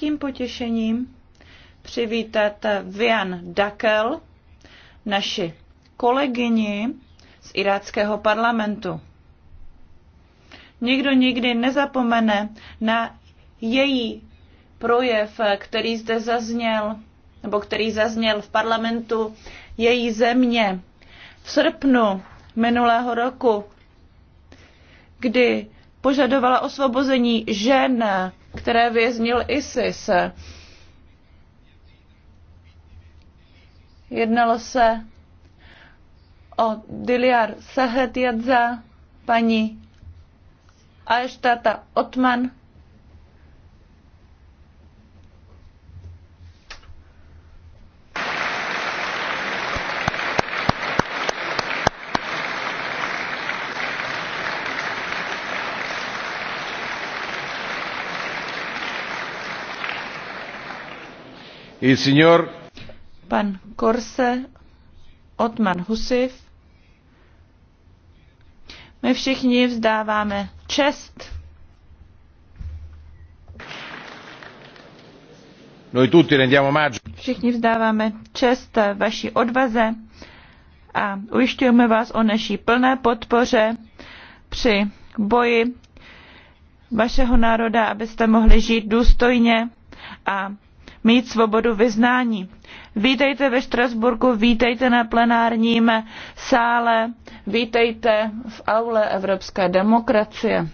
velkým potěšením přivítat Vian Dakel, naši kolegyni z iráckého parlamentu. Nikdo nikdy nezapomene na její projev, který zde zazněl, nebo který zazněl v parlamentu její země v srpnu minulého roku, kdy požadovala osvobození žen které věznil ISIS. Jednalo se o Diliar Sahet Jadza, paní Aeštata Otman Pan Korse, Otman Husiv. My všichni vzdáváme čest. Noi tutti rendiamo Všichni vzdáváme čest vaší odvaze a ujišťujeme vás o naší plné podpoře při boji vašeho národa, abyste mohli žít důstojně a mít svobodu vyznání. Vítejte ve Štrasburku, vítejte na plenárním sále, vítejte v aule Evropské demokracie.